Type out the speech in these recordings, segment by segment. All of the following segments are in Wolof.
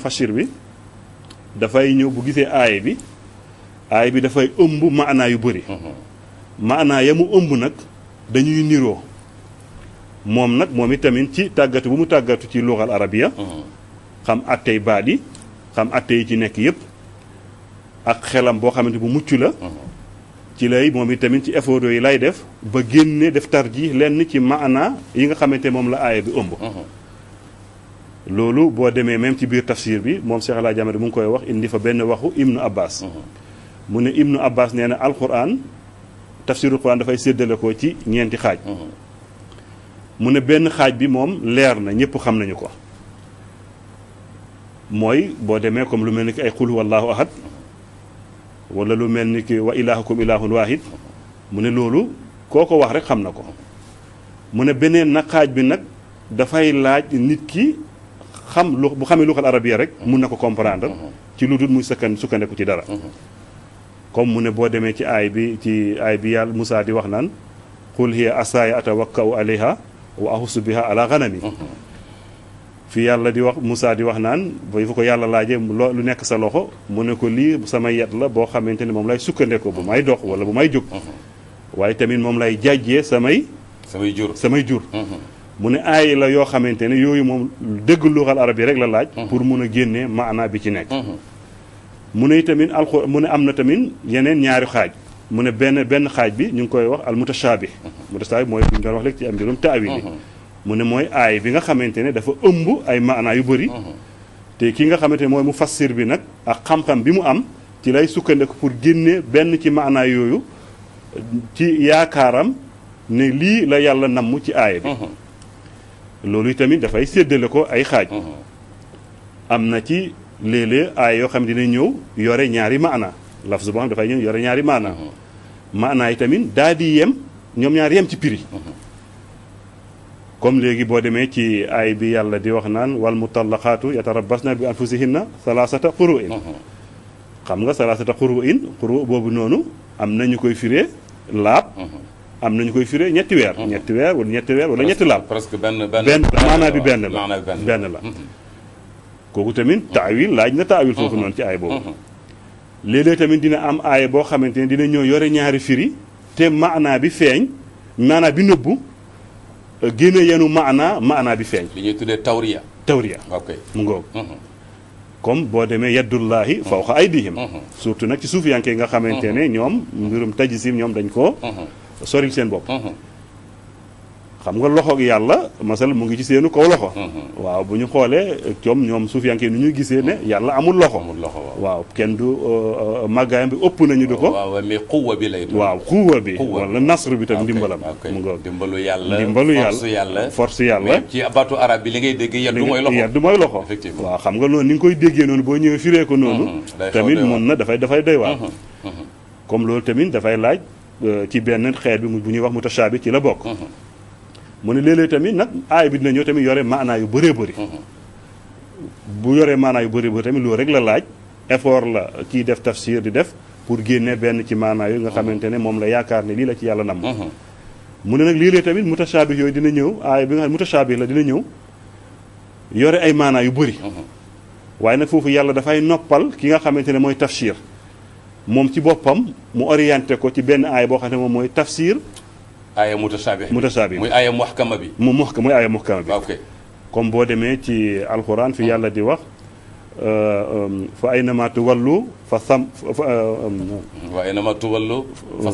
fashir bi dafay ñëw bu gisee aay bi aay bi dafay ëmb maanaa yu bëri mhm. maanaa ya mu ëmb nag dañuy niroo moom nag moom itamit ci tàggatu bu mu tàggatu ci luxal arabiya mhm. xam attey baat yi xam atte yi ci nekk yépp ak xelam boo xamante bu mucc la mhm. ci lay moom itamit ci effort yi lay def ba génne def ji lenn ci maanaa yi nga xamante moom la aaya bi ëmb loolu boo demee même ci biir tafsir bi moom Cheikh El Hadj Ahmed mu ngi koy wax indi fa benn waxu Ibnu Abbas. Mhm. mu ne Ibnu Abbas nee na alquran tafsiru dafay séddale ko ci ñeenti xaaj. Mhm. mu ne benn xaaj bi moom leer na ñëpp xam nañu ko. mooy boo demee comme lu mel ni ki ay qul huwallahu ahad wala lu mel ni ki wa ilahukum ilahun wahid mu ne loolu koo ko wax rek xam na ko mu ne beneen na xaaj bi nag dafay laaj nit ki. xam lu bu xamee luxal arabiya rek mun na ko comprendre uh-huh. ci lu dul muy sëkkan sukkandeku ci dara uh-huh. comme mu ne boo demee ci aay bi ci aay bi yàlla Moussa di wax naan qul hiya asaaya atawakkau alayha wa ahusu biha ala ganami uh-huh. fii yàlla di wax Moussa di wax naan ba fa ko yàlla laajee lu nekk sa loxo mu ne ko lii sama yat la boo xamante ne moom lay sukkandeku bu may dox wala bu may jóg waaye tamit moom lay jàjjee samay samay samay jur mu ne aay la yoo xamante ne yooyu moom dëgg luxal arab rek la laaj mhm. pour mun a génnee maanaa bi ci nekk mhm. mu ne tamit alxu mu ne am na tamit yeneen ñaari xaaj mu ne benn benn xaaj bi ñu ngi koy wax al mhm. mutashaabih mutashaabih mooy bu ñu doon wax léegi ci am mbirum taawili mu ne mooy aay bi nga xamante ne dafa ëmb ay maana yu bëri te ki nga xamante ne mooy mu fassir bi nag ak xam-xam bi mu am ci lay sukkandiku pour génne benn ci maanaa yooyu ci yaakaaram ne lii la yàlla namm ci aay bi loolu tamit dafay séddale ko ay xaaj. Mhm. am na ci léeg-léeg aay yoo xam ne dina ñëw yore ñaari maana laf su boo xam dafay ñëw yore ñaari maana mhm. maana yi tamit daal di yem ñoom ñaar yem ci prix. Mhm. comme léegi boo demee ci ay bi yàlla di wax naan wal mutallaqaatu yatarabbasna bi anfusihinna salaasata quru'in xam nga salaasata quru'in quru boobu noonu am na ñu koy firee laab. am nañu koy firé ñetti weer. Hmm. ñetti weer wala ñetti laal. presque benn benn maanaa bi benn la benn la. Hmm. kooku tamit taawil laaj na taawil foofu hmm. noonu ci aay boobu. léeg tamit dina am aay boo xamante ne dina ñoo yore ñaari firi te maanaa bi feeñ maanaa bi nëbbu génne yenu maanaa maanaa bi feeñ. li ñuy tuddee tawriya. tawriya ok mu ngoog. comme boo demee yaddullahi fawqa aydihim surtout nag ci suuf yankee nga xamante ne ñoom mbirum tajisim ñoom dañ ko soriñ seen bopp. Mhm. xam nga loxoog yàlla masal mu ngi ci seenu kow loxo. Mhm. waaw bu ñu xoolee coom ñoom suufiyanke yi nu ñuy gisee ne mhm. yàlla amul loxo. loxo waaw kenn du euh, euh, màggaayam bi ëpp nañu du ko. waaw mais xuwa bi lay. waaw xuwa bi wala nasru bi tam ah, ndimbalam. mu ngoog ndimbalu yàlla ndimbalu yàlla force yàlla. force yàlla ci baatu arab bi li ngay dégg yaddu mooy loxo yaddu mooy loxo. effectivement waaw xam nga loolu ni nga koy déggee noonu boo ñëwee firee ko noonu. tamit mun na dafay dafay doy waar. comme loolu tamit dafay laaj Euh, ci benn xeet bi mu bu ñuy wax mutashaabi ci la bokk mhm. mu ne léeg-léeg tamit nag aay bi dina ñëw tamit yore maanaa yu bëree bëri mhm. bu yoree maanaa yu bëri bëri tamit loolu rek la laaj effort la kii def tafsir di def pour génne benn ci maanaa yu nga mhm. xamante ne moom la yaakaar ne lii la ci yàlla nam mu ne nag léeg-léeg tamit mutashaabi yooyu dina ñëw aay bi nga xam mutashaabi la dina ñëw yore ay maanaa yu bëri waaye nag foofu yàlla dafay noppal ki nga xamante ne mooy tafsir moom ci boppam mu orienté ko ci benn aaya boo xam ne moom mooy tafsir. aaya mutasaabi mutasaabi muy aaya muhkama bi. mu muhk muy aaya muhkama bi. Ah, ok comme boo demee ci alxuraan fi yàlla di wax. Euh, euh, fa aynama wallu fa sam fa. fa euh, aynama tuwallu fa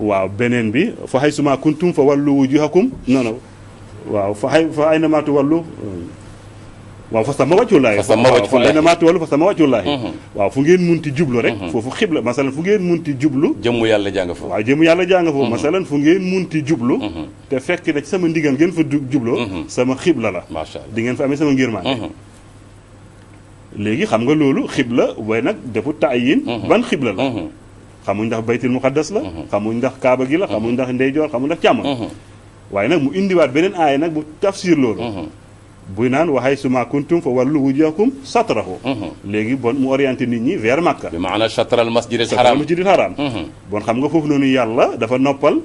waaw beneen bi fa haysuma kuntum fa wallu wujuhakum non waaw fa hay fa aynama tuwallu. waaw fa sama wàccullaahi namatuwalu fa sama wàccullaahi mhm. waaw fu ngeen munti jublu rek mhm. foofu xibla masalan fu ngeen munti jublu jëmm yàlla jàng foofu yàlla jàng foofu mhm. masalan fu ngeen munti jublu te fekk na ci sama ndigal ngeen fa jubloo sama xibla la di ngeen fa amee sama ngërmaande léegi xam nga loolu xibla way nag defu taayin ban xibla la xamuñ ndax baytil muqaddas la xamuñ ndax kaaba gi la xamuñ ndax ndeyjoor xamuñ ndax càmmoñ waaye nag mu indiwaat beneen aaya nag bu tafsir loolu buy naan waxay suma kuntum fa wallu wujuhakum satrahu mhm. léegi bon mu orienté nit ñi vers Makka. bi maanaam satral masjidil haram masjidil haram mhm. bon xam nga foofu noonu yàlla dafa noppal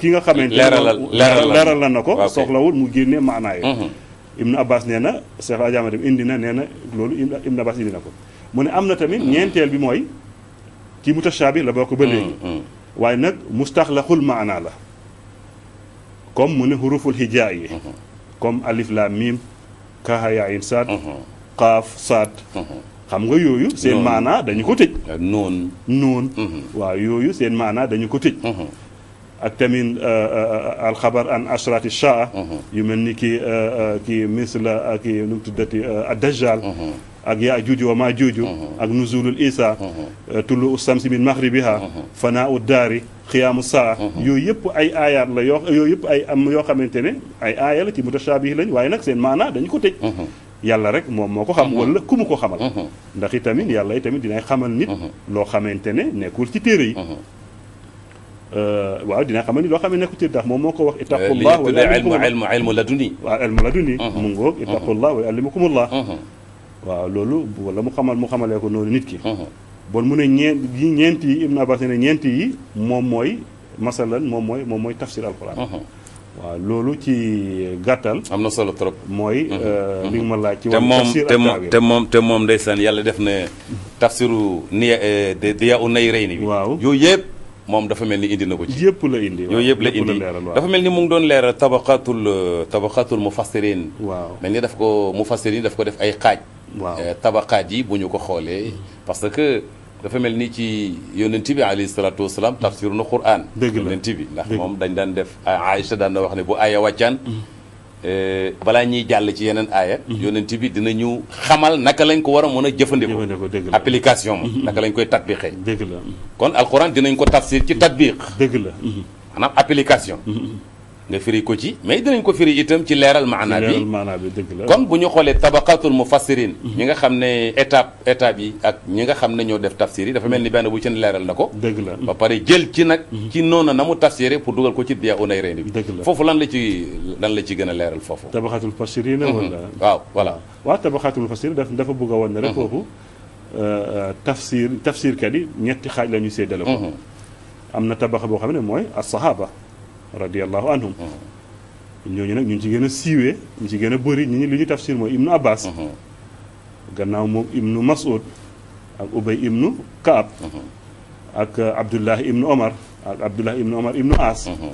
ki nga xamante leeral la na ko soxlawul mu génne maanaa yi mhm. Ibn Abbas nee na Cheikh Adjama dem indi na nee na loolu Ibn Abbas indi na ko mu ne am na tamit ñeenteel bi mooy ci mutashaabih la bokk ba léegi waaye nag mustaxlaqul maanaa la comme mu ne xuruful hijaa yi comme alif laam miim kaaxa yaa in saat mhm. qaaf saat mhm. xam nga euh, mhm. yooyu seen maanaa dañu ko tëj noon noon waaw yooyu seen maana dañu ko tëj ak tamit euh, euh, alxabar an ashrati shaa yu mel ni ki ki misla ki nu mu tuddati ak yaa juuju wa maa juuju ak nuzulul isa tullu samsi min maghribiha fanaa u daari xiyaamu saa mhm. yooyu yëpp ay aayaat la yoo yooyu yëpp ay am yoo xamante ne ay aaya la ci mutashaabihi lañ waaye nag seen maanaa dañ ko tëj mhm. yàlla rek moom moo ko xam mhm. wala ku mu ko xamal ndax itamit yàlla itamit dinay xamal nit loo xamante ne nekkul ci téere yi euh, waaw dinaa xamal ni loo xam ne nekkul ci ndax moom moo ko wax ittaqullah wa ilmu ilmu laduni waaw loolu wala mu xamal mu xamalee ko noonu nit ki bon mu ne ñeent yi ñeent yi Ibn Abbas ne ñeent yi moom mooy masalan moom mooy moom mooy tafsir alquran. Uh-huh. waaw loolu ci gàttal. am na solo trop. mooy uh-huh. euh, li ma laaj. ci wàllu tafsir te moom te moom te moom ndeysaan yàlla def na tafsiru niya euh, diya u nay rey ni waaw yooyu yëpp moom dafa mel ni indi na ko yëpp la indi yooyu yëpp la indi dafa mel ni mu ngi doon leeral tabaqatul euh, tabaqatul mufassirin. waaw mel ni daf ko mufassirin daf ko def ay xaaj. waaw tabaqaat yi bu ñu ko xoolee mm-hmm. parce que. dafa mel ni ci yonent bi alayhi salaatu wasalaam tafsiru na quraan yonent bi ndax moom dañ daan def Aïcha daan na wax ne bu aaya wàccaan mm-hmm. eh, balaa ñuy jàll ci yeneen aaya mm-hmm. yonent bi dinañu xamal naka lañ ko war a mën a jëfandikoo application ma mm-hmm. naka lañ koy tatbiqee dëgg la kon alquran dinañ ko tafsir ci tatbiq dëgg la maanaam application nga firi ko ci mais dinañ ko firi itam ci leeral maanaa bi maanaa bi dëgg la kon bu ñu xoolee tabaqatul mufassirin mhm. ñi nga xam ne étape étape yi ak ñi nga xam ne ñoo def tafsir yi dafa mel ni benn bu ci ne leeral na ko dëgg la ba pare jël ci nag mhm. ci noonu na mu tafsiré pour dugal ko ci Diya unay reyni bi dëgg la foofu lan la ci lan la ci gën a leeral foofu tabaqatul mufassirin mhm. wala waaw voilà waaw tabaqatul mufassirin daf dafa bëgg a woon ne rek foofu euh, euh, tafsir tafsirkat yi ñetti xaaj la ñu séddale am na tabaxa boo xam ne mooy as-sahaba radiallahu anhum ñooñu nag ñu ngi ci gën a siiwee ñu ci gën a bëri ñi li ñu tafsir mooy ibnu abbas mhm. gannaaw moom ibnu mas'ud ak ubay ibnu kaab mhm. ak abdullah ibnu omar ak abdullah ibnu omar ibnu as mhm.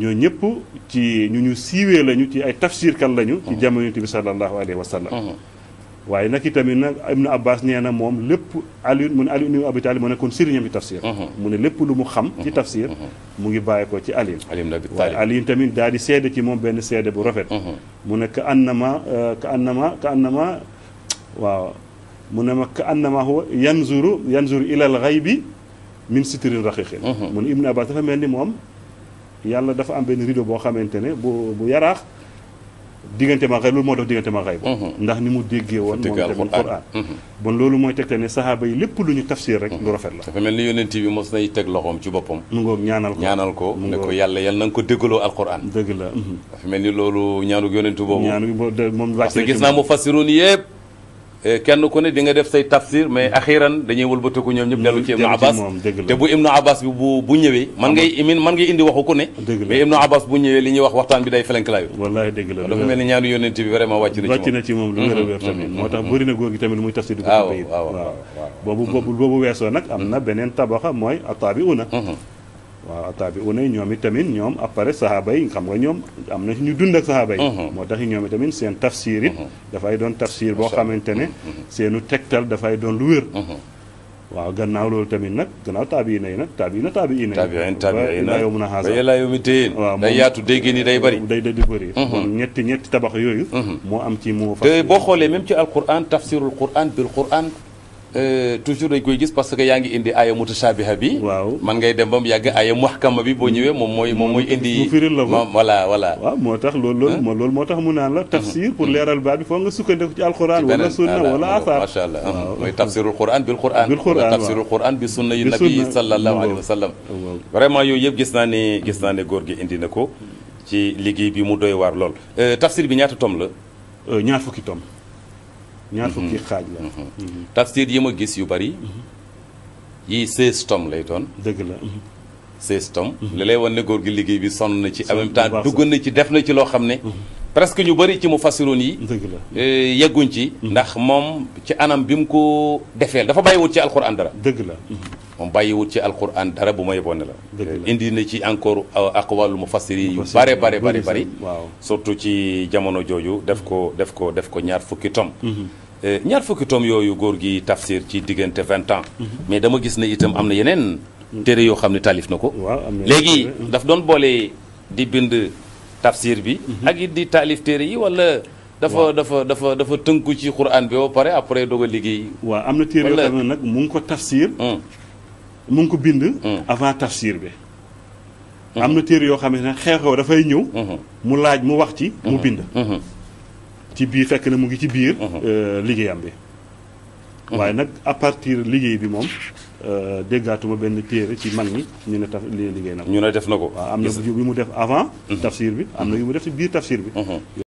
ñoo ñëpp ci ñu ñu siiwee lañu ci ay tafsirkan lañu ci jamono bi sallallahu alayhi wa waaye nag itamit nag Ibnu Abbas nee moom lépp Aliou mu ne Aliou ibnu Abi Talib moo nekkoon sëriñam ci tafsir mhm. mu ne lépp lu mu xam ci mhm. tafsir mhm. mu ngi bàyyi ko ci Aliou waaye Aliou tamit daal di seede ci moom benn seede bu rafet mu ne ka annama ka annama ka annama waaw mu ne ma ka annama huwa yanzuru yanzuru ilal ghaybi min sitrin raqiqin mu ne Ibnu Abbas dafa mel ni moom yàlla dafa am benn rideau boo xamante ne bu bu yaraax diggante ma xay loolu moo def diggante ma xay mhm. ndax ni mu déggee woon moom tamit Qur'an mhm. bon loolu mooy tegte ne saxaaba yi lépp lu ñu tafsir rek mhm. lu rafet la dafa mel ni yonent bi mos nay teg loxoom ci boppam mu ngoog ñaanal ko ñaanal ko ne ko yàlla yal na nga ko déggaloo alquran dëgg la dafa mel ni loolu ñaanug yonent boobu ñaanug moom parce que gis naa mu fassiroon yëpp Eh, kenn ku ne di nga def say tafsir mais axiran dañuy wëlbatiku ñoom ñëpp dellu ci ibnu abbas te bu ibnu abbas bi bu bu ñëwee man ngay imin man ngay indi waxu ko ne mais ibnu abbas bu ñëwee li ñuy wax waxtaan bi day felenkalaayu wallaay dëgg la dafa mel ni ñaanu yónent bi vraiment wàcc na ci moom wàcc na ci moom lu wér a wér tamit mm-hmm. moo tax bëri na góor gi tamit muy tafsir di ko waaw waaw boobu boobu boobu weesoo nag am na beneen tabaxa mooy ataabiuna mm-hmm. waaw taabi'uuna yi ñoom itamit ñoom après saxaaba yi xam nga ñoom am na ñu dund ak saxaaba yi uh-huh. moo tax ñoom itamit seen tafsir it uh-huh. dafay doon tafsir boo xamante ne uh-huh. seenu tegtal dafay doon lu wér waaw gannaaw loolu tamit nag gannaaw taabiina yi nag taabiina taabiina ilaa yawmina haazaa ilaa yawmi diin waaw day yaatu dégg ni day bëri day day di bëri kon ñetti ñetti tabax yooyu moo am ci moo fa te boo xoolee même ci alquran tafsirul quran bil quran Euh, toujours dañ koy gis parce que yaa ngi indi aaya mutashabiha bi. waaw man ngay dem ba mu yàgg aaya muhkama bi boo ñëwee moom mooy. moom mooy indi mu firil la moo tax loolu loolu moo loolu moo tax mu a la. tafsir pour leeral baat bi foo nga sukkandiku ci alquran. wala sunna wala asaar macha allah mooy tafsirul quran bil quran. bil quran tafsirul quran bi sunna yi nabi sallallahu alayhi wa sallam. vraiment yooyu yëpp gis naa ne gis naa ne góor gi indi na ko ci liggéey bi mu doy waar lool. Euh, tafsir bi ñaata tom la. Euh, ñaar fukki tom. ñaar fukki mhm. xaaj la. Mhm. Mhm. yi ma gis yu bari. yii seize tomes lay doon. dëgg la. seize tomes. li lay wane góor gi liggéey bi sonn na ci en même temps dugg na ci def na ci loo xam ne. presque ñu bari ci mu fassiroon yi. dëgg la eh, yegguñ ci. ndax moom ci anam bi mu ko defee dafa bàyyiwut ci alxuraan dara. dëgg la. moom bàyyiwut ci alquran dara bu ma yeboon ne la indi na ci encore euh, aqwalu mufassiri yu bare bare bare bari surtout ci jamono jooju def ko def ko def ko ñaar fukki tom mhm. euh, ñaar fukki tom yooyu góor gi tafsir ci diggante vingt ans mhm. mais dama gis ne itam am na yeneen mhm. téere yoo xam ne taalif na ko léegi daf doon boole di bind tafsir bi ak it di taalif téere yi wala dafa dafa dafa dafa tënku ci quran bi ba pare après doog a liggéey waaw am na téere yoo mu ko tafsir hmm. mu ngi ko bind. Mm. avant tafsir bi. Mm-hmm. am na téere yoo xam ne xew-xew dafay ñëw. Mm-hmm. mu laaj mu wax ci mu mm-hmm. bind. ci biir fekk na mu ngi ci biir. Euh, liggéeyam bi. waaye nag à liggéey bi moom euh, déggaatuma benn téere ci mag ñi ñu ne taf liggéey na ko. ñu ne def na ko. waaw am na yu mu def avant. tafsir bi am na yu mu def ci biir tafsir bi.